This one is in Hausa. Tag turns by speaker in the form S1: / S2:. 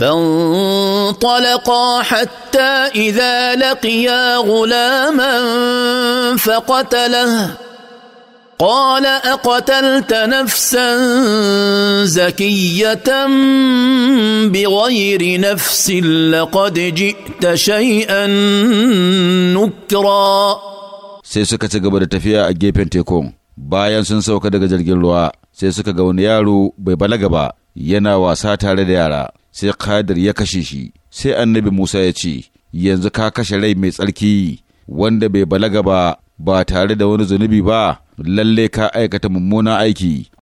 S1: فانطلقا حتى اذا لقيا غلاما فقتله قال اقتلت نفسا زكيه بغير نفس لقد جئت شيئا نكرا
S2: sai suka ci gaba da tafiya a gefen tekun bayan sun sauka daga jirgin ruwa sai suka ga wani yaro bai balaga ba yana wasa tare da yara sai kadir ya kashe shi sai annabi Musa ya ce yanzu ka kashe rai mai tsarki
S3: wanda bai balaga ba ba tare da wani zunubi ba lalle ka aikata mummunan aiki